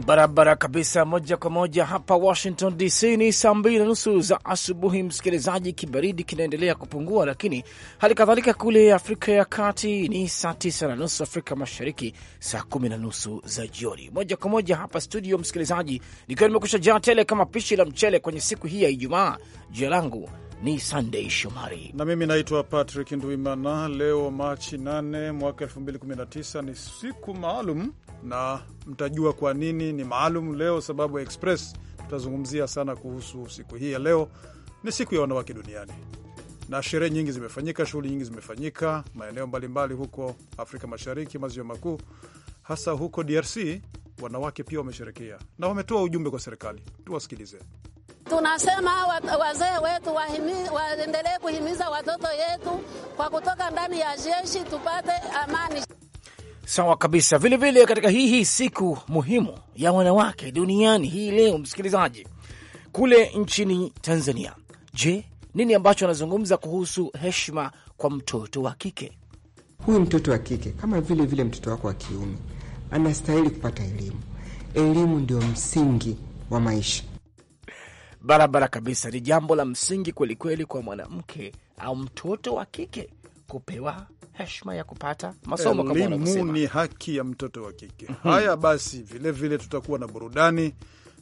barabara kabisa, moja kwa moja hapa Washington DC. Ni saa mbili na nusu za asubuhi, msikilizaji. Kibaridi kinaendelea kupungua, lakini hali kadhalika kule Afrika ya Kati ni saa tisa na nusu, Afrika Mashariki saa kumi na nusu za jioni. Moja kwa moja hapa studio, msikilizaji, nikiwa nimekusha jaa tele kama pishi la mchele kwenye siku hii ya Ijumaa. Jina langu ni Sunday Shomari na mimi naitwa Patrick nduimana Leo Machi 8 mwaka 2019 ni siku maalum na mtajua kwa nini ni maalum leo, sababu ya Express tutazungumzia sana kuhusu siku hii ya leo. Ni siku ya wanawake duniani, na sherehe nyingi zimefanyika, shughuli nyingi zimefanyika maeneo mbalimbali huko Afrika Mashariki, maziwa makuu, hasa huko DRC. Wanawake pia wamesherekea na wametoa ujumbe kwa serikali, tuwasikilize. Tunasema wazee wetu waendelee kuhimiza watoto yetu kwa kutoka ndani ya jeshi tupate amani. Sawa kabisa. Vilevile vile katika hii hii siku muhimu ya wanawake duniani hii leo, msikilizaji, kule nchini Tanzania, je, nini ambacho anazungumza kuhusu heshima kwa mtoto wa kike? Huyu mtoto wa kike kama vile vile mtoto wako wa kiume anastahili kupata elimu. Elimu ndio msingi wa maisha, barabara kabisa. Ni jambo la msingi kwelikweli kwa mwanamke au mtoto wa kike kupewa heshima ya kupata masomo. Elimu ni haki ya mtoto wa kike. Haya basi, vilevile vile tutakuwa na burudani,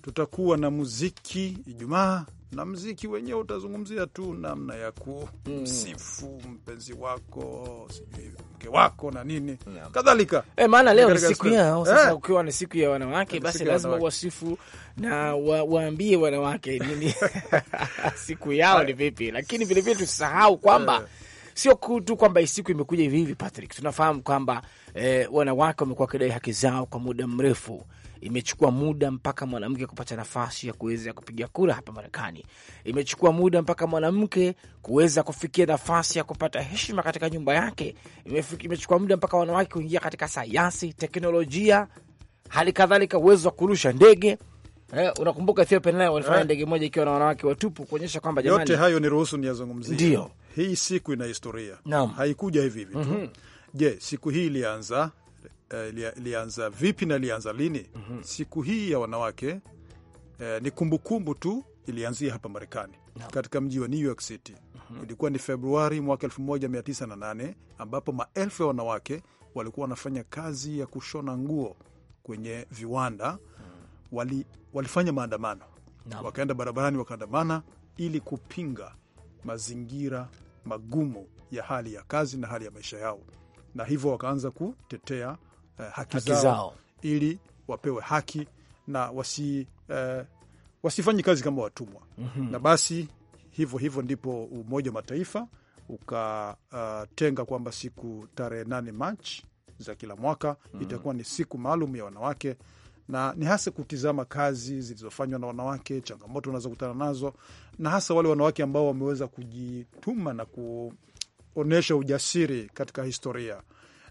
tutakuwa na muziki Ijumaa na mziki wenyewe utazungumzia tu namna ya kumsifu mm. mpenzi wako sijui mke wako na nini yeah. kadhalika e, maana leo ni siku yao sasa eh. Ukiwa ni siku ya wanawake, basi lazima wasifu na wa, waambie wanawake nini siku yao ni vipi, lakini vilevile tusisahau kwamba eh sio tu kwamba siku imekuja hivi hivi, Patrick. Tunafahamu kwamba eh, wanawake wamekuwa wakidai haki zao kwa muda mrefu. Imechukua muda mpaka mwanamke kupata nafasi ya kuweza kupiga kura hapa Marekani. Imechukua muda mpaka mwanamke kuweza kufikia nafasi ya kupata heshima katika nyumba yake. Imechukua muda mpaka wanawake kuingia katika sayansi, teknolojia, hali kadhalika uwezo wa kurusha ndege. Eh, unakumbuka Ethiopia nayo walifanya eh. ndege moja ikiwa na wanawake watupu kuonyesha kwamba jamani, yote hayo ni ruhusu niyazungumzie. Ndio hii siku ina historia naam. haikuja hivi hivi tu mm -hmm. Je, siku hii ilianza uh, ilianza vipi na ilianza lini? mm -hmm. Siku hii ya wanawake uh, ni kumbukumbu tu, ilianzia hapa Marekani no. katika mji wa New York City mm -hmm. ilikuwa ni Februari mwaka 1908 ambapo maelfu ya wanawake walikuwa wanafanya kazi ya kushona nguo kwenye viwanda mm. wali, walifanya maandamano no. wakaenda barabarani wakaandamana ili kupinga mazingira magumu ya hali ya kazi na hali ya maisha yao, na hivyo wakaanza kutetea eh, haki, haki zao, zao ili wapewe haki na wasi, eh, wasifanyi kazi kama watumwa mm -hmm. Na basi hivyo hivyo ndipo Umoja wa Mataifa ukatenga uh, kwamba siku tarehe nane Machi za kila mwaka mm -hmm. itakuwa ni siku maalum ya wanawake na ni hasa kutizama kazi zilizofanywa na wanawake, changamoto wanazokutana nazo, na hasa wale wanawake ambao wameweza kujituma na kuonyesha ujasiri katika historia.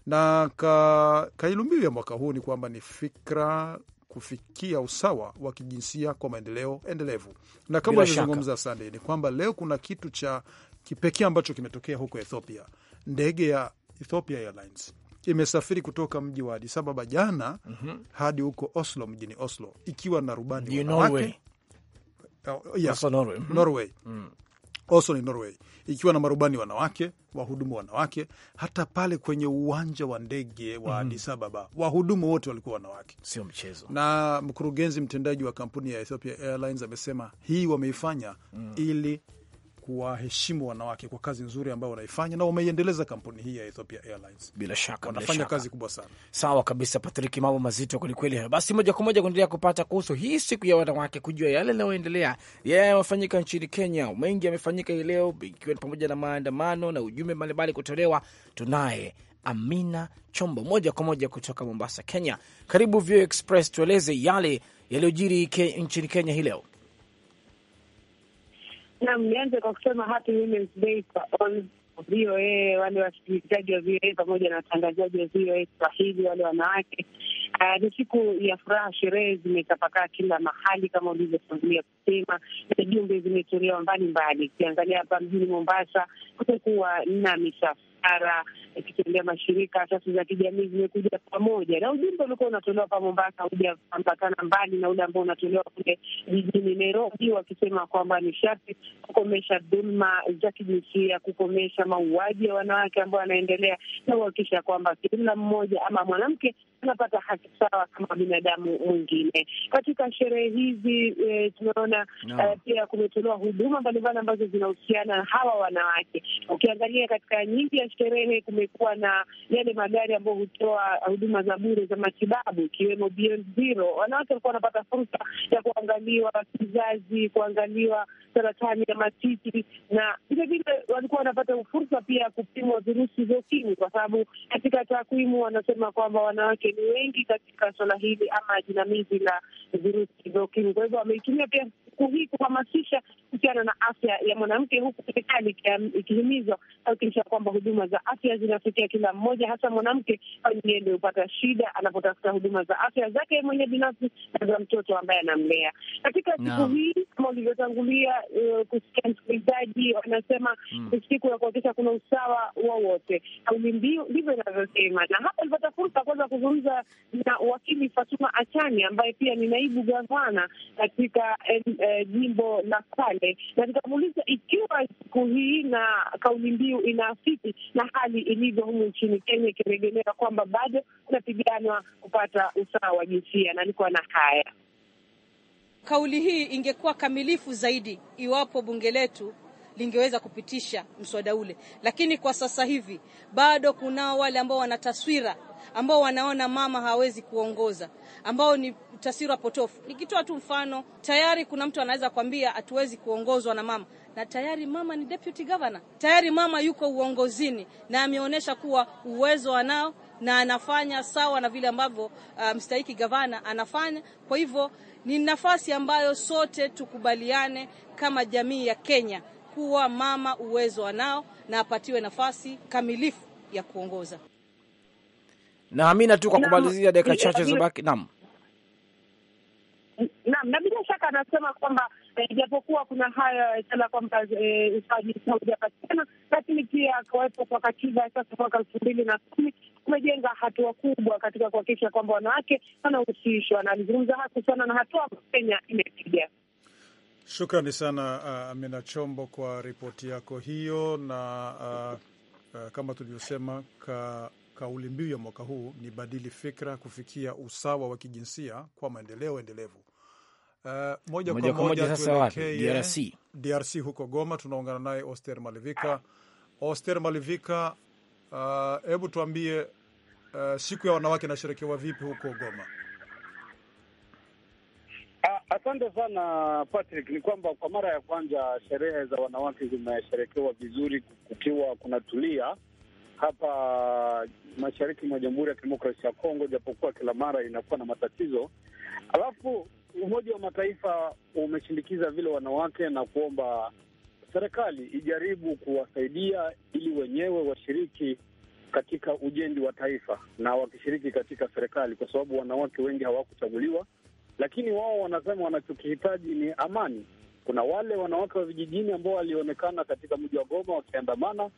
Na ka, kauli mbiu ya mwaka huu ni kwamba ni fikra kufikia usawa wa kijinsia kwa maendeleo endelevu, na kama alivyozungumza Sunday ni kwamba leo kuna kitu cha kipekee ambacho kimetokea huko Ethiopia. Ndege ya Ethiopia Airlines imesafiri kutoka mji wa Addis Ababa jana mm -hmm. hadi huko Oslo, mjini Oslo, ikiwa na rubani wanawake Norway. Oh, mhm. mm. Oslo ni Norway, ikiwa na marubani wanawake, wahudumu wanawake. Hata pale kwenye uwanja wa ndege wa mhm. Addis Ababa wahudumu wote walikuwa wanawake, sio mchezo. Na mkurugenzi mtendaji wa kampuni ya Ethiopia Airlines amesema hii wameifanya mm. ili kuwaheshimu wanawake kwa kazi nzuri ambayo wanaifanya na wameiendeleza kampuni hii ya Ethiopia Airlines. Bila shaka wanafanya kazi kubwa sana. Sawa kabisa, Patrick, mambo mazito kwelikweli hayo. Basi moja kwa moja kuendelea kupata kuhusu hii siku ya wanawake, kujua yale yanayoendelea yanayofanyika yeah, nchini Kenya. Mengi yamefanyika hii leo, ikiwa ni pamoja na maandamano na ujumbe mbalimbali kutolewa. Tunaye Amina Chombo moja kwa moja kutoka Mombasa, Kenya. Karibu Vio Express, tueleze yale yaliyojiri nchini Kenya hii leo. Naam, nianze kwa kusema happy women's day kwa all VOA, wale wasikilizaji wa VOA pamoja na watangazaji wa VOA Swahili, wale wanawake. Uh, ni siku ya furaha, sherehe zimetapakaa kila mahali kama ulivyotangulia kusema, na jumbe zimetolewa mbalimbali. Ukiangalia hapa mjini Mombasa, kutakuwa na misafara biashara, ikitembea mashirika, asasi za kijamii zimekuja pamoja, na ujumbe ulikuwa unatolewa pa Mombasa hujaambatana mbali na ule ambao unatolewa kule jijini Nairobi, wakisema kwamba ni sharti kukomesha dhulma za kijinsia, kukomesha mauaji ya wanawake ambao wanaendelea na kuhakikisha kwamba kila mmoja ama mwanamke tunapata haki sawa kama binadamu mwingine. Katika sherehe hizi e, eh, tumeona no. uh, eh, pia kumetolewa huduma mbalimbali ambazo zinahusiana na hawa wanawake. Ukiangalia katika nyingi ya sherehe, kumekuwa na yale magari ambayo hutoa huduma za bure za matibabu ikiwemo Beyond Zero. Wanawake walikuwa wanapata fursa ya kuangaliwa kizazi, kuangaliwa saratani ya matiti, na vilevile walikuwa wanapata fursa pia ya kupimwa virusi vya ukimwi, kwa sababu katika takwimu wanasema kwamba wanawake mawakili wengi katika swala hili ama jinamizi la virusi vya ukimwi. Kwa hivyo wameitumia pia siku hii kuhamasisha kuhusiana na afya ya mwanamke, huku serikali ikihimizwa kuhakikisha kwamba huduma za afya zinafikia kila mmoja, hasa mwanamke ndiye hupata shida anapotafuta huduma za afya zake mwenye binafsi na za mtoto ambaye anamlea. Katika siku hii kama ulivyotangulia uh, kusikia msikilizaji, wanasema mm. siku ya kuhakikisha kuna usawa wowote kauli mbiu ndivyo inavyosema. Na hapa nilipata fursa kuweza kuzungumza na wakili Fatuma Achani ambaye pia ni naibu gavana katika eh, eh, jimbo la Kwale, na nikamuuliza ikiwa siku hii na kauli mbiu inaafiki na hali ilivyo humu nchini Kenya, ikiregelea kwamba bado kunapiganwa kupata usawa wa jinsia, na alikuwa na haya. Kauli hii ingekuwa kamilifu zaidi iwapo bunge letu lingeweza kupitisha mswada ule, lakini kwa sasa hivi bado kunao wale ambao wana taswira ambao wanaona mama hawezi kuongoza, ambao ni taswira potofu. Nikitoa tu mfano, tayari kuna mtu anaweza kwambia hatuwezi kuongozwa na mama, na tayari mama ni deputy governor, tayari mama yuko uongozini na ameonyesha kuwa uwezo anao na anafanya sawa na vile ambavyo uh, mstahiki gavana anafanya. Kwa hivyo ni nafasi ambayo sote tukubaliane kama jamii ya Kenya kuwa mama uwezo anao na apatiwe nafasi kamilifu ya kuongoza. Na Amina, tu kwa kumalizia dakika chache zabaki naam Naam, na bila shaka anasema kwamba eh, ijapokuwa kuna haya eh, sala kwamba eh, usajili lakini pia kuwepo kwa katiba sasa mwaka elfu mbili na kumi kumejenga hatua kubwa katika kuhakikisha kwamba wanawake wanahusishwa, na alizungumza hasa sana na hatua Kenya imepiga Shukrani sana uh, Amina Chombo kwa ripoti yako hiyo, na uh, uh, kama tulivyosema ka, kauli mbiu ya mwaka huu ni badili fikra, kufikia usawa wa kijinsia kwa maendeleo endelevu. Uh, moja kwa moja DRC. DRC huko Goma tunaungana naye Oster Malivika. Oster Malivika, uh, hebu uh, tuambie uh, siku ya wanawake inasherekewa vipi huko Goma? Ah, asante sana Patrick. Ni kwamba kwa mara ya kwanza sherehe za wanawake zimesherekewa vizuri kukiwa kunatulia hapa mashariki mwa Jamhuri ya Kidemokrasia ya Kongo, japokuwa kila mara inakuwa na matatizo. Alafu Umoja wa Mataifa umeshindikiza vile wanawake na kuomba serikali ijaribu kuwasaidia ili wenyewe washiriki katika ujenzi wa taifa na wakishiriki katika serikali, kwa sababu wanawake wengi hawakuchaguliwa lakini wao wanasema wanachokihitaji ni amani. Kuna wale wanawake wa vijijini ambao walionekana katika mji wa Goma wakiandamana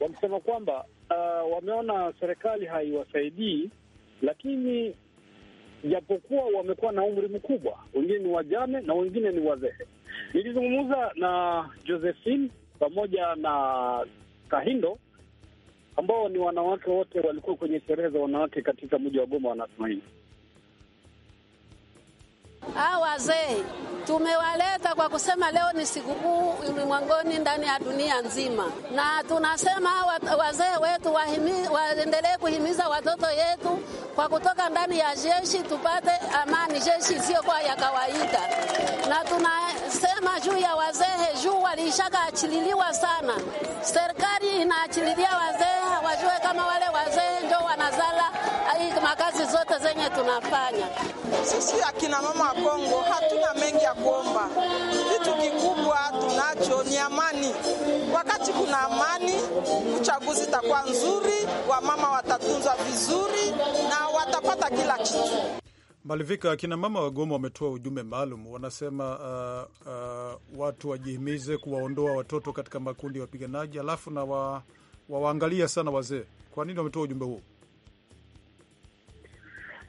wakisema kwamba uh, wameona serikali haiwasaidii, lakini japokuwa wamekuwa na umri mkubwa, wengine ni wajane na wengine ni wazee. Nilizungumza na Josephine pamoja na Kahindo ambao ni wanawake wote walikuwa kwenye sherehe za wanawake katika mji wa Goma, wanasema hivi hao ah, wazee tumewaleta kwa kusema leo ni sikukuu ulimwangoni ndani ya dunia nzima, na tunasema wazee wetu waendelee kuhimiza watoto yetu kwa kutoka ndani ya jeshi tupate amani, jeshi isiyokuwa ya kawaida. Na tunasema juu ya wazee, juu achililiwa sana, serikali inaachililia wazee, wajue kama wale wazee ndio wanazala hii makazi zote zenye tunafanya sisi akina mama wa Kongo, hatuna mengi ya kuomba. Kitu kikubwa tunacho ni amani. Wakati kuna amani, uchaguzi itakuwa nzuri, wamama watatunzwa vizuri na watapata kila kitu. Malivika, akina mama wa Goma wametoa ujumbe maalum, wanasema uh, uh, watu wajihimize kuwaondoa watoto katika makundi ya wapiganaji, alafu na wa, wawaangalia sana wazee. Kwa nini wametoa ujumbe huo?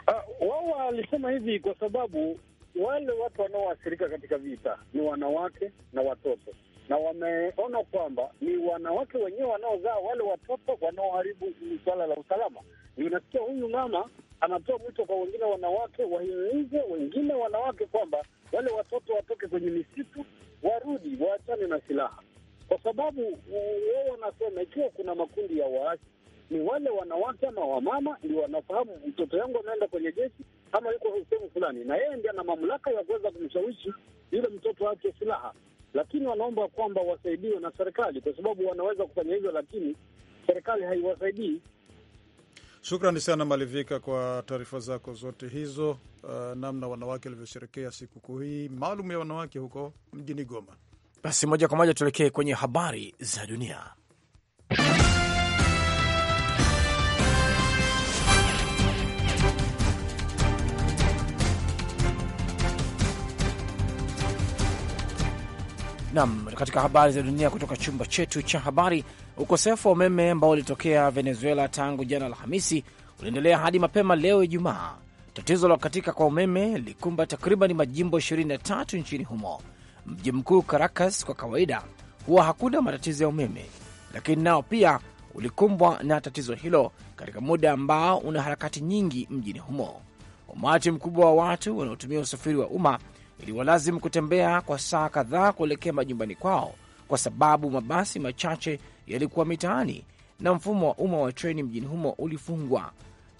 Ah, wao walisema hivi kwa sababu wale watu wanaoathirika katika vita ni wanawake na watoto, na wameona kwamba ni wanawake wenyewe wanaozaa wale watoto wanaoharibu suala la usalama. Ni unasikia huyu mama anatoa mwito kwa wengine wanawake, wahimize wengine wanawake kwamba wale watoto watoke kwenye misitu, warudi, waachane na silaha, kwa sababu wao wanasema ikiwa kuna makundi ya waasi ni wale wanawake ama wamama ndio wanafahamu mtoto yangu ameenda kwenye jeshi ama yuko sehemu fulani, na yeye ndiye ana mamlaka ya kuweza kumshawishi yule mtoto wake silaha. Lakini wanaomba kwamba wasaidiwe na serikali, kwa sababu wanaweza kufanya hivyo, lakini serikali haiwasaidii. Shukrani sana Malivika kwa taarifa zako zote hizo, uh, namna wanawake walivyosherekea sikukuu hii maalum ya wanawake huko mjini Goma. Basi moja kwa moja tuelekee kwenye habari za dunia. Nam, katika habari za dunia kutoka chumba chetu cha habari, ukosefu wa umeme ambao ulitokea Venezuela tangu jana Alhamisi uliendelea hadi mapema leo Ijumaa. Tatizo la kukatika kwa umeme lilikumba takriban majimbo 23 nchini humo. Mji mkuu Caracas kwa kawaida huwa hakuna matatizo ya umeme, lakini nao pia ulikumbwa na tatizo hilo katika muda ambao una harakati nyingi mjini humo. Umati mkubwa wa watu wanaotumia usafiri wa umma iliwalazimu kutembea kwa saa kadhaa kuelekea majumbani kwao kwa sababu mabasi machache yalikuwa mitaani na mfumo wa umma wa treni mjini humo ulifungwa.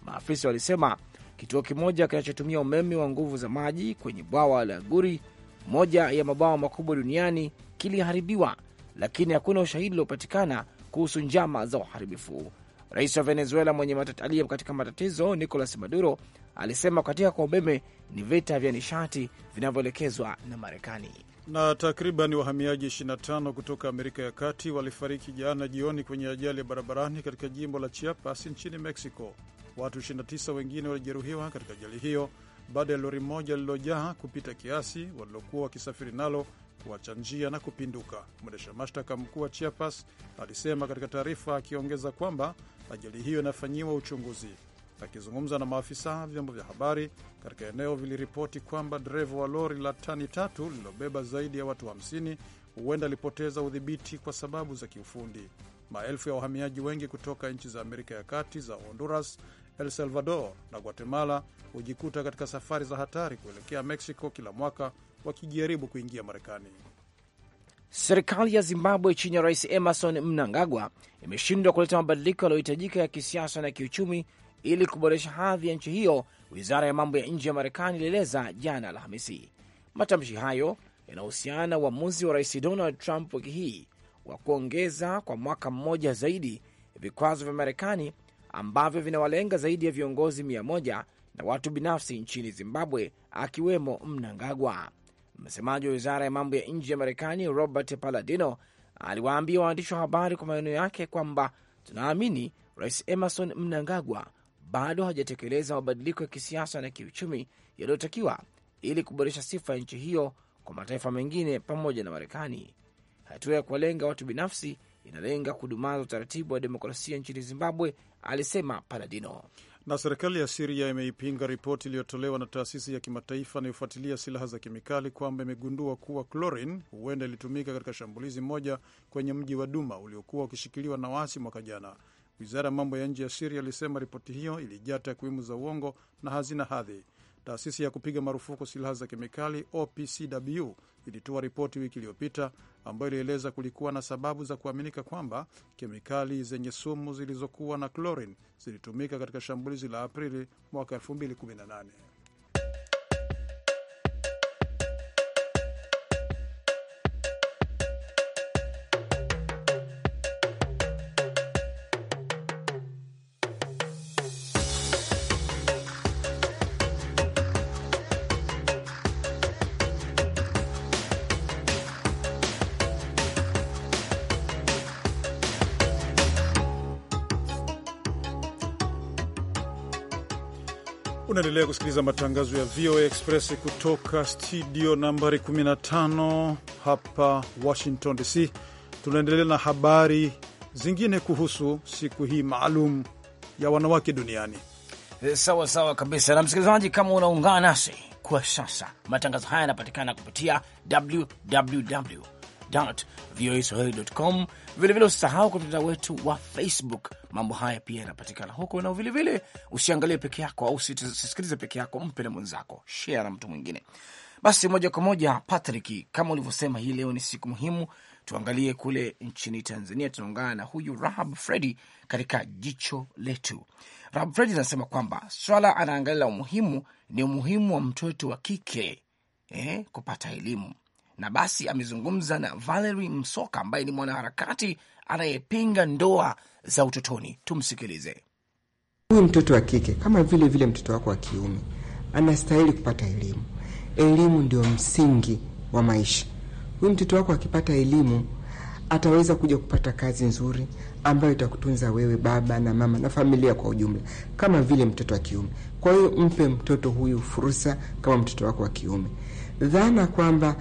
Maafisa walisema kituo kimoja kinachotumia umeme wa nguvu za maji kwenye bwawa la Guri, moja ya mabwawa makubwa duniani, kiliharibiwa, lakini hakuna ushahidi uliopatikana kuhusu njama za uharibifu. Rais wa Venezuela mwenye aliye katika matatizo Nicolas Maduro alisema kukatika kwa umeme ni vita vya nishati vinavyoelekezwa na Marekani. Na takriban wahamiaji 25 kutoka Amerika ya Kati walifariki jana jioni kwenye ajali ya barabarani katika jimbo la Chiapas nchini Mexico. Watu 29 wengine walijeruhiwa katika ajali hiyo baada ya lori moja lililojaa kupita kiasi walilokuwa wakisafiri nalo kuacha njia na kupinduka. Mwendesha mashtaka mkuu wa Chiapas alisema katika taarifa, akiongeza kwamba ajali hiyo inafanyiwa uchunguzi. Akizungumza na maafisa vyombo vya habari katika eneo viliripoti kwamba dereva wa lori la tani tatu lililobeba zaidi ya watu 50 wa huenda alipoteza udhibiti kwa sababu za kiufundi. Maelfu ya wahamiaji wengi kutoka nchi za Amerika ya Kati za Honduras, el Salvador na Guatemala hujikuta katika safari za hatari kuelekea Mexico kila mwaka wakijaribu kuingia Marekani. Serikali ya Zimbabwe chini ya Rais Emerson Mnangagwa imeshindwa kuleta mabadiliko yaliyohitajika ya kisiasa na kiuchumi ili kuboresha hadhi ya nchi hiyo, wizara ya mambo ya nje ya Marekani ilieleza jana Alhamisi. Matamshi hayo yanahusiana na uamuzi wa rais Donald Trump wiki hii wa kuongeza kwa mwaka mmoja zaidi vikwazo vya Marekani ambavyo vinawalenga zaidi ya viongozi mia moja na watu binafsi nchini Zimbabwe, akiwemo Mnangagwa. Msemaji wa wizara ya mambo ya nje ya Marekani Robert Paladino aliwaambia waandishi wa habari kwa maneno yake kwamba tunaamini Rais Emerson Mnangagwa bado hajatekeleza mabadiliko ya kisiasa na kiuchumi yaliyotakiwa ili kuboresha sifa ya nchi hiyo kwa mataifa mengine pamoja na Marekani. Hatua ya kuwalenga watu binafsi inalenga kudumaza utaratibu wa demokrasia nchini Zimbabwe, alisema Paladino. Na serikali ya Siria imeipinga ripoti iliyotolewa na taasisi ya kimataifa inayofuatilia silaha za kemikali kwamba imegundua kuwa chlorine huenda ilitumika katika shambulizi moja kwenye mji wa Duma uliokuwa ukishikiliwa na waasi mwaka jana. Wizara ya mambo ya nje ya Siria ilisema ripoti hiyo ilijaa takwimu za uongo na hazina hadhi. Taasisi ya kupiga marufuku silaha za kemikali OPCW ilitoa ripoti wiki iliyopita ambayo ilieleza kulikuwa na sababu za kuaminika kwamba kemikali zenye sumu zilizokuwa na klorini zilitumika katika shambulizi la Aprili mwaka 2018. Unaendelea kusikiliza matangazo ya VOA Express kutoka studio nambari 15 hapa Washington DC. Tunaendelea na habari zingine kuhusu siku hii maalum ya wanawake duniani. Eh, sawa sawa kabisa, na msikilizaji, kama unaungana nasi kwa sasa, matangazo haya yanapatikana kupitia www voaswahili.com. Vilevile usisahau kwa mtandao wetu wa Facebook. Mambo haya pia yanapatikana huko, na vilevile usiangalie peke yako au usisikilize peke yako, mpe na mwenzako, share na mtu mwingine. Basi moja kwa moja, Patrick, kama ulivyosema, hii leo ni siku muhimu. Tuangalie kule nchini Tanzania, tunaungana na huyu Rahab Fredi katika jicho letu. Rahab Fredi anasema kwamba swala anaangalia la umuhimu ni umuhimu wa mtoto wa kike eh, kupata elimu na basi amezungumza na Valerie Msoka ambaye ni mwanaharakati anayepinga ndoa za utotoni. Tumsikilize. Huyu mtoto wa kike kama vile vile mtoto wako wa kiume anastahili kupata elimu. Elimu ndio msingi wa maisha. Huyu mtoto wako akipata elimu ataweza kuja kupata kazi nzuri ambayo itakutunza wewe baba na mama na familia kwa ujumla, kama vile mtoto wa kiume. Kwa hiyo mpe mtoto huyu fursa kama mtoto wako wa kiume. Dhana kwamba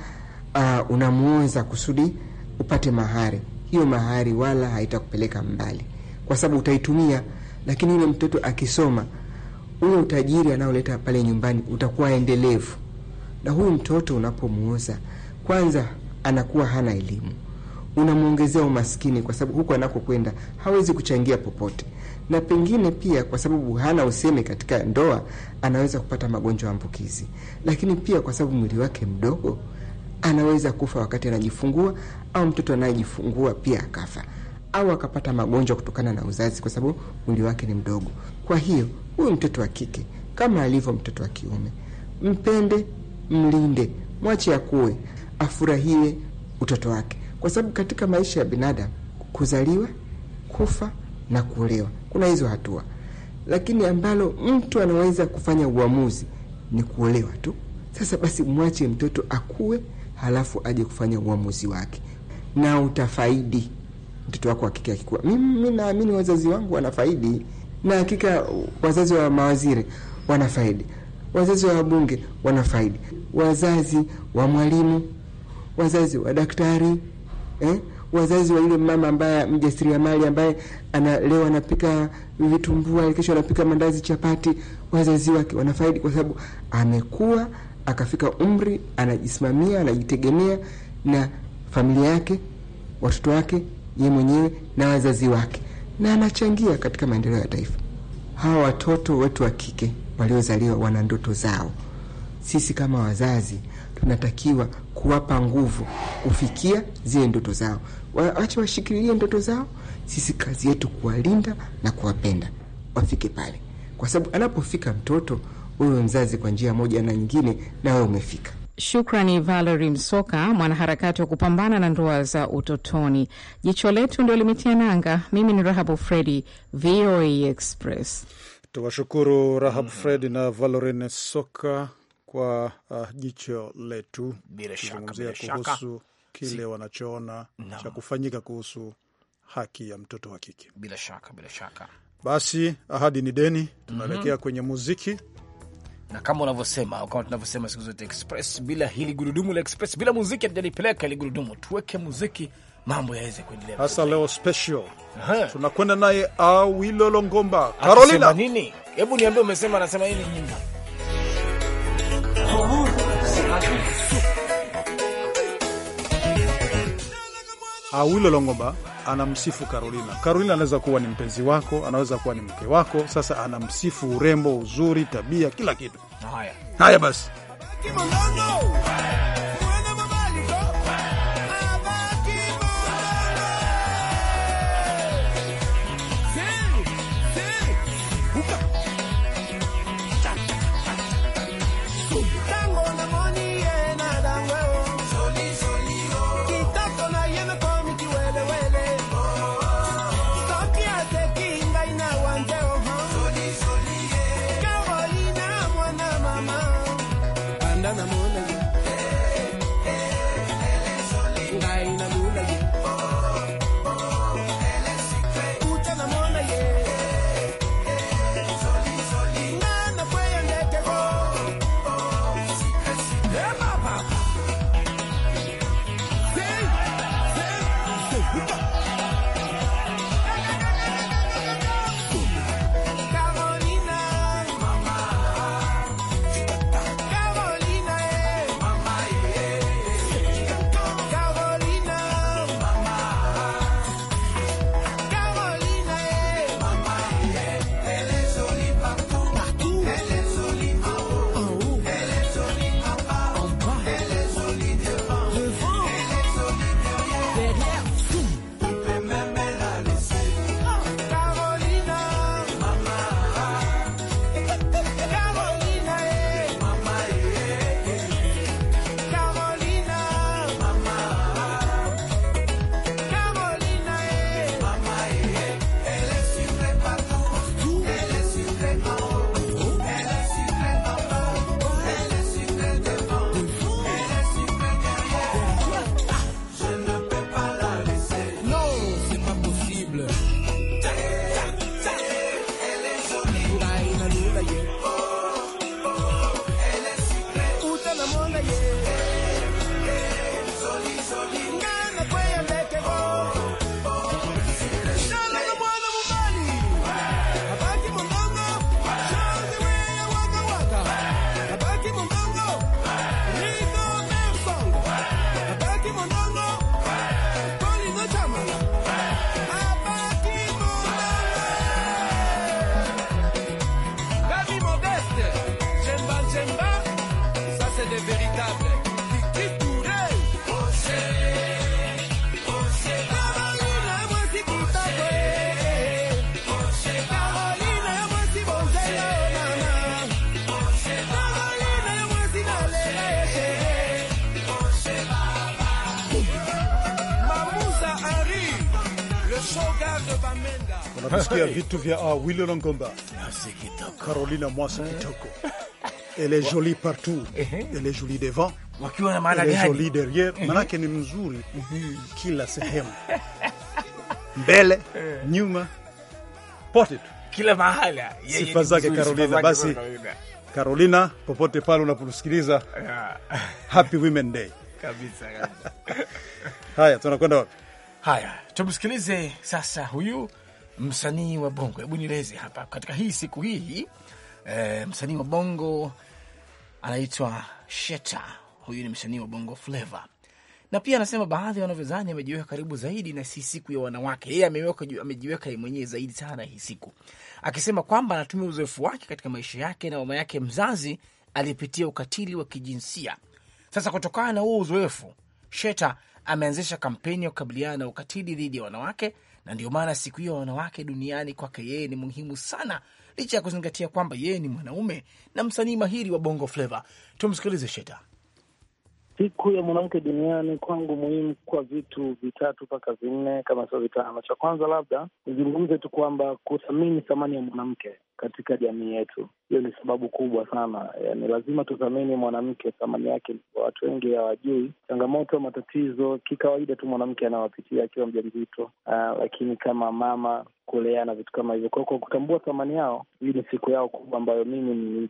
uh, unamuoza kusudi upate mahari. Hiyo mahari wala haitakupeleka mbali, kwa sababu utaitumia, lakini yule mtoto akisoma, ule utajiri anaoleta pale nyumbani utakuwa endelevu. Na huyu mtoto unapomuoza, kwanza anakuwa hana elimu, unamwongezea umaskini, kwa sababu huko anakokwenda hawezi kuchangia popote, na pengine pia kwa sababu hana useme katika ndoa, anaweza kupata magonjwa ambukizi, lakini pia kwa sababu mwili wake mdogo anaweza kufa wakati anajifungua, au mtoto anayejifungua pia akafa, au akapata magonjwa kutokana na uzazi, kwa sababu mwili wake ni mdogo. Kwa hiyo huyu mtoto wa kike kama alivyo mtoto wa kiume, mpende, mlinde, mwache akuwe, afurahie utoto wake, kwa sababu katika maisha ya binadamu kuzaliwa, kufa na kuolewa, kuna hizo hatua, lakini ambalo mtu anaweza kufanya uamuzi ni kuolewa tu. Sasa basi, mwache mtoto akue halafu aje kufanya uamuzi wake, na utafaidi mtoto wako hakika akikua. Mimi naamini wazazi wangu wanafaidi, na hakika wazazi wa mawaziri wanafaidi, wazazi wa wabunge wanafaidi, wazazi wa mwalimu, wazazi wa daktari eh? wazazi wa yule mama ambaye mjasiriamali ambaye ana leo anapika vitumbua, kesho anapika mandazi, chapati. Wazazi wake wanafaidi kwa sababu amekuwa akafika umri anajisimamia, anajitegemea na familia yake, watoto wake, ye mwenyewe na wazazi wake, na anachangia katika maendeleo ya taifa. Hawa watoto wetu wa kike waliozaliwa wana ndoto zao. Sisi kama wazazi tunatakiwa kuwapa nguvu kufikia zile ndoto zao, wache washikilie ndoto zao. Sisi kazi yetu kuwalinda na kuwapenda wafike pale, kwa sababu anapofika mtoto huyo mzazi kwa njia moja na nyingine, nawe umefika. Shukrani Valerie Msoka, mwanaharakati wa kupambana na ndoa za utotoni. Jicho letu ndio limetia nanga. Mimi ni Rahabu Fredi, VOA Express. Tuwashukuru Rahab Fred na Valorine Soka kwa uh, jicho letu, kuzungumzia kuhusu kile wanachoona no. cha kufanyika kuhusu haki ya mtoto wa kike. Bila shaka, bila shaka, basi ahadi ni deni. Tunaelekea mm -hmm. kwenye muziki na kama unavyosema au kama tunavyosema siku zote Express, bila hili gurudumu la Express, bila muziki hatujalipeleka hili gurudumu. Tuweke muziki, mambo yaweze kuendelea. Hasa leo special tunakwenda naye Awilo Longomba. Carolina nini, hebu niambie, umesema anasema nini nyimbo Awilo ah, Longomba anamsifu Carolina. Carolina anaweza kuwa ni mpenzi wako, anaweza kuwa ni mke wako. Sasa anamsifu urembo, uzuri, tabia, kila kitu. Haya haya basi kusikia vitu vya uh, Willy Longomba, Carolina Mwasa eh. kitoko ele joli partout eh, eh. ele joli devant wakiwa na maana gani? Joli derrière manake ni mzuri kila sehemu mbele nyuma pote tu kila mahali sifa zake Carolina. Basi Carolina, popote pale unaposikiliza, ah. happy women day kabisa kabisa. Haya, tunakwenda wapi? Haya, tumsikilize sasa huyu msanii wa bongo. Hebu nieleze hapa katika hii siku hii e, msanii wa bongo anaitwa Sheta. Huyu ni msanii wa bongo flava na pia anasema baadhi ya wanavyozani amejiweka karibu zaidi na si siku ya wanawake. Yeye amejiweka mwenyewe zaidi sana hii siku, akisema kwamba anatumia uzoefu wake katika maisha yake na mama yake mzazi aliyepitia ukatili wa kijinsia. Sasa kutokana na huo uzoefu, Sheta ameanzisha kampeni ya kukabiliana na ukatili dhidi ya wanawake na ndio maana siku hiyo wanawake duniani kwake yeye ni muhimu sana, licha ya kuzingatia kwamba yeye ni mwanaume na msanii mahiri wa bongo fleva. Tumsikilize Sheta. Siku ya mwanamke duniani kwangu muhimu kwa vitu vitatu mpaka vinne, kama sio vitano. Cha kwanza labda nizungumze tu kwamba kuthamini thamani ya mwanamke katika jamii yetu. Hiyo ni sababu kubwa sana. Yani eh, lazima tuthamini mwanamke, thamani yake watu wengi hawajui. Changamoto, matatizo kikawaida tu mwanamke anawapitia akiwa mja mzito, uh, eh, lakini kama mama kulea na vitu kama hivyo. Kwa kutambua thamani yao, hii ni siku yao kubwa ambayo mimi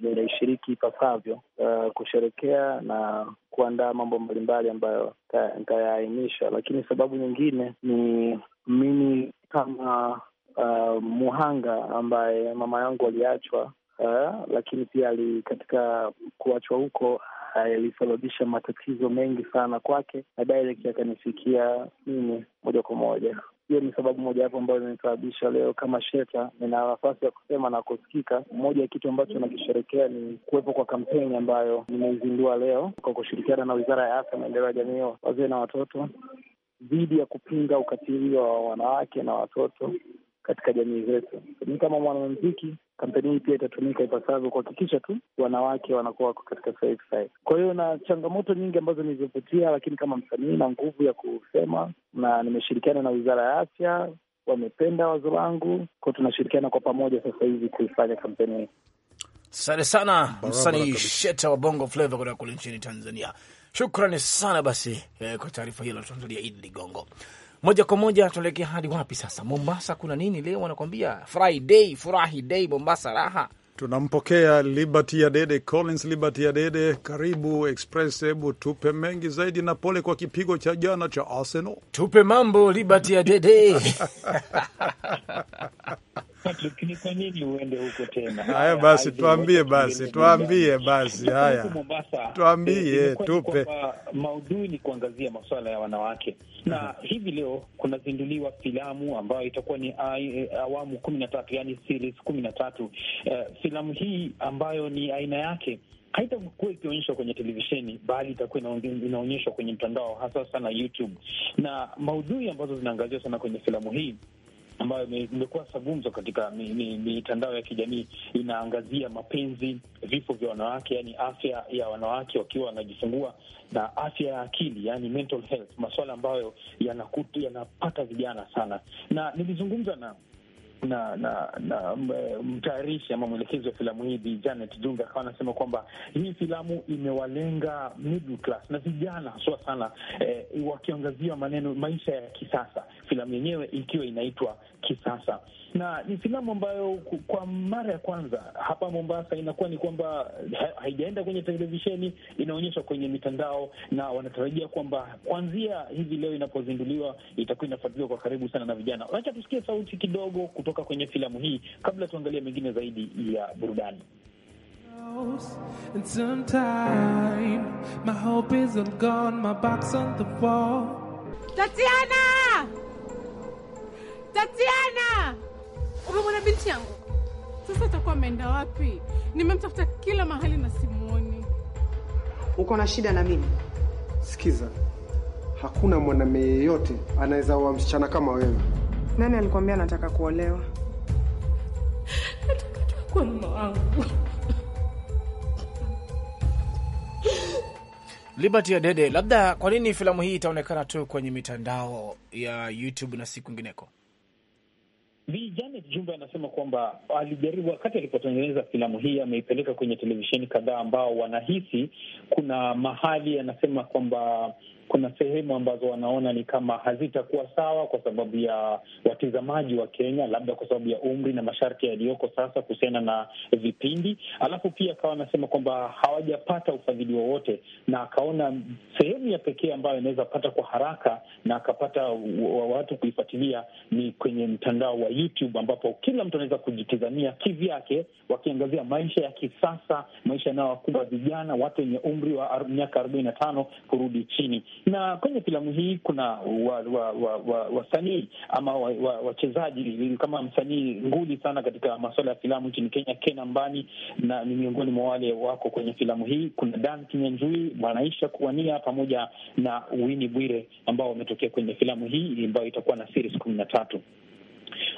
ninaishiriki ipasavyo, uh, kusherekea na kuandaa mambo mbalimbali ambayo nitayaainisha. Lakini sababu nyingine ni mimi kama uh, muhanga ambaye mama yangu aliachwa, uh, lakini pia ali katika kuachwa huko alisababisha matatizo mengi sana kwake na direct akanifikia mimi moja kwa moja. Hiyo ni sababu moja hapo ambayo imenisababisha leo kama Sheta nina nafasi ya kusema na kusikika. Moja ya kitu ambacho nakisherekea ni kuwepo kwa kampeni ambayo nimeizindua leo kwa kushirikiana na Wizara ya Afya, Maendeleo ya Jamii, Wazee na Watoto dhidi ya kupinga ukatili wa wanawake na watoto katika jamii zetu. Mi kama mwanamuziki, kampeni hii pia itatumika ipasavyo kuhakikisha tu wanawake wanakuwa wako katika safe side. Kwa hiyo na changamoto nyingi ambazo nilizopitia, lakini kama msanii na nguvu ya kusema, na nimeshirikiana na wizara ya afya, wamependa wazo langu kwao, tunashirikiana kwa pamoja sasa hivi kuifanya kampeni hii. Asante sana msanii Sheta wa Bongo Flava kutoka kule nchini Tanzania. Shukrani sana basi eh, kwa taarifa hiyo natuandalia Idi Ligongo. Moja kwa moja tuelekea hadi wapi sasa? Mombasa, kuna nini leo? Wanakwambia Friday, furahi day, Mombasa raha. Tunampokea Liberty ya Dede, Collins Liberty ya Dede, karibu Express. Hebu tupe mengi zaidi, na pole kwa kipigo cha jana cha Arsenal. Tupe mambo Liberty ya Dede Patrick, ni kwa nini uende huko tena? Haya basi, tuambie basi, tuambie basi, haya tuambie, tupe. Maudhui ni kuangazia masuala ya wanawake na mm-hmm. Hivi leo kunazinduliwa filamu ambayo itakuwa ni eh, awamu kumi na tatu yani series kumi na tatu. Eh, filamu hii ambayo ni aina yake haitakuwa ikionyeshwa kwenye televisheni bali itakuwa inaonyeshwa kwenye mtandao hasa sana YouTube, na maudhui ambazo zinaangaziwa sana kwenye filamu hii ambayo imekuwa sagumzo katika mitandao ya kijamii inaangazia mapenzi, vifo vya wanawake, yani afya ya wanawake wakiwa wanajifungua na afya ya akili, yani mental health, masuala ambayo yanapata vijana sana, na nilizungumza na na na na mtayarishi ama mwelekezi wa filamu hii Bi Janet Dunga akawa anasema kwamba hii filamu imewalenga middle class na vijana haswa sana eh, wakiangazia maneno maisha ya kisasa, filamu yenyewe ikiwa inaitwa Kisasa na ni filamu ambayo kwa mara ya kwanza hapa Mombasa inakuwa ni kwamba haijaenda kwenye televisheni, inaonyeshwa kwenye mitandao, na wanatarajia kwamba kuanzia hivi leo inapozinduliwa itakuwa inafuatiliwa kwa karibu sana na vijana. Wacha tusikie sauti kidogo kutoka kwenye filamu hii kabla tuangalie mengine zaidi ya burudani. Tatiana! Tatiana! Umemwona binti yangu? Sasa atakuwa ameenda wapi? Nimemtafuta kila mahali na simuoni. Uko na shida na mimi? Sikiza, hakuna mwanamume yeyote anaweza oa msichana kama wewe. Nani alikwambia nataka kuolewa? Nataka tu kuwa mume wangu. Liberty ya Dede, labda kwa nini filamu hii itaonekana tu kwenye mitandao ya YouTube na siku nyingineko? Bi Janet anasema kwamba alijaribu wakati alipotengeneza filamu hii, ameipeleka kwenye televisheni kadhaa, ambao wanahisi kuna mahali, anasema kwamba kuna sehemu ambazo wanaona ni kama hazitakuwa sawa kwa sababu ya watizamaji wa Kenya, labda kwa sababu ya umri na masharti yaliyoko sasa kuhusiana na vipindi. Alafu pia akawa anasema kwamba hawajapata ufadhili wowote, na akaona sehemu ya pekee ambayo inaweza pata kwa haraka na akapata watu kuifuatilia ni kwenye mtandao wa YouTube ambapo kila mtu anaweza kujitizamia kivyake, wakiangazia maisha ya kisasa, maisha yanayowakumba vijana, watu wenye umri wa miaka arobaini na tano kurudi chini. Na kwenye filamu hii kuna wasanii wa, wa, wa, wa ama wachezaji wa, wa kama msanii nguli sana katika masuala ya filamu nchini Kenya, Ken Ambani na ni miongoni mwa wale wako kwenye filamu hii. Kuna Dan Kinyanjui, Mwanaisha Kuwania pamoja na wini Bwire ambao wametokea kwenye filamu hii ambayo itakuwa na series kumi na tatu.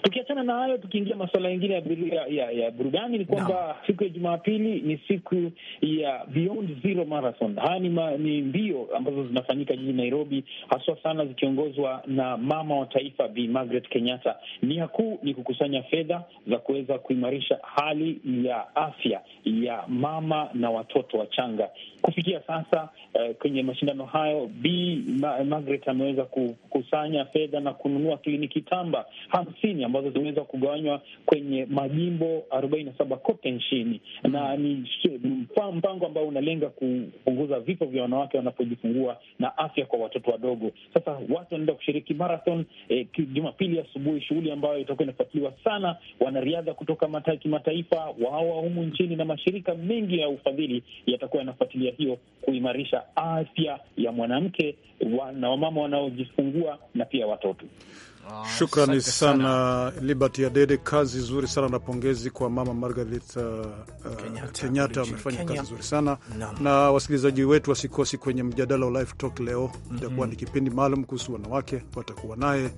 Tukiachana na hayo, tukiingia masuala mengine ya, ya, ya burudani ni kwamba no. siku ya Jumapili ni siku ya Beyond Zero Marathon. Haya ni, ma, ni mbio ambazo zinafanyika jijini Nairobi, haswa sana zikiongozwa na mama wa taifa Bi Margaret Kenyatta. Nia kuu ni kukusanya fedha za kuweza kuimarisha hali ya afya ya mama na watoto wachanga. Kufikia sasa uh, kwenye mashindano hayo Bi Margaret ameweza kukusanya fedha na kununua kliniki tamba hamsini hamsini ambazo zimeweza kugawanywa kwenye majimbo arobaini na saba kote nchini mm. na ni mpango ambao unalenga kupunguza vifo vya wanawake wanapojifungua na afya kwa watoto wadogo. Sasa watu wanaenda kushiriki marathon eh, Jumapili asubuhi, shughuli ambayo itakuwa inafuatiliwa sana wanariadha kutoka mata kimataifa wawa humu nchini na mashirika mengi ya ufadhili yatakuwa yanafuatilia hiyo kuimarisha afya ya mwanamke wa, na wamama wanaojifungua na pia watoto shukrani sana, sana Liberty Adede, kazi nzuri sana na pongezi kwa mama Margaret uh, uh Kenyatta amefanya kazi nzuri sana no. Na wasikilizaji wetu wasikosi kwenye mjadala wa Live Talk leo itakuwa mm -hmm. ni kipindi maalum kuhusu wanawake, watakuwa naye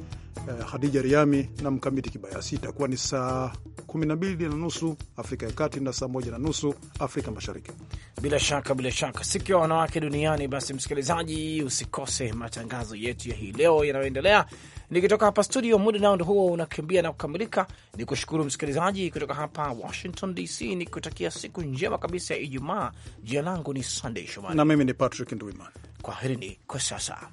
uh, Hadija Riami na Mkamiti Kibayasi. Itakuwa ni saa 12 na nusu Afrika ya Kati na saa 1 na nusu Afrika Mashariki. Bila shaka, bila shaka siku ya wanawake duniani. Basi msikilizaji, usikose matangazo yetu ya hii leo yanayoendelea Nikitoka hapa studio, muda nao ndo huo unakimbia na kukamilika. Ni kushukuru msikilizaji kutoka hapa Washington DC, ni kutakia siku njema kabisa ya Ijumaa. Jina langu ni Sandey Shomari na mimi ni Patrick Ndwimana. Kwaherini kwa sasa.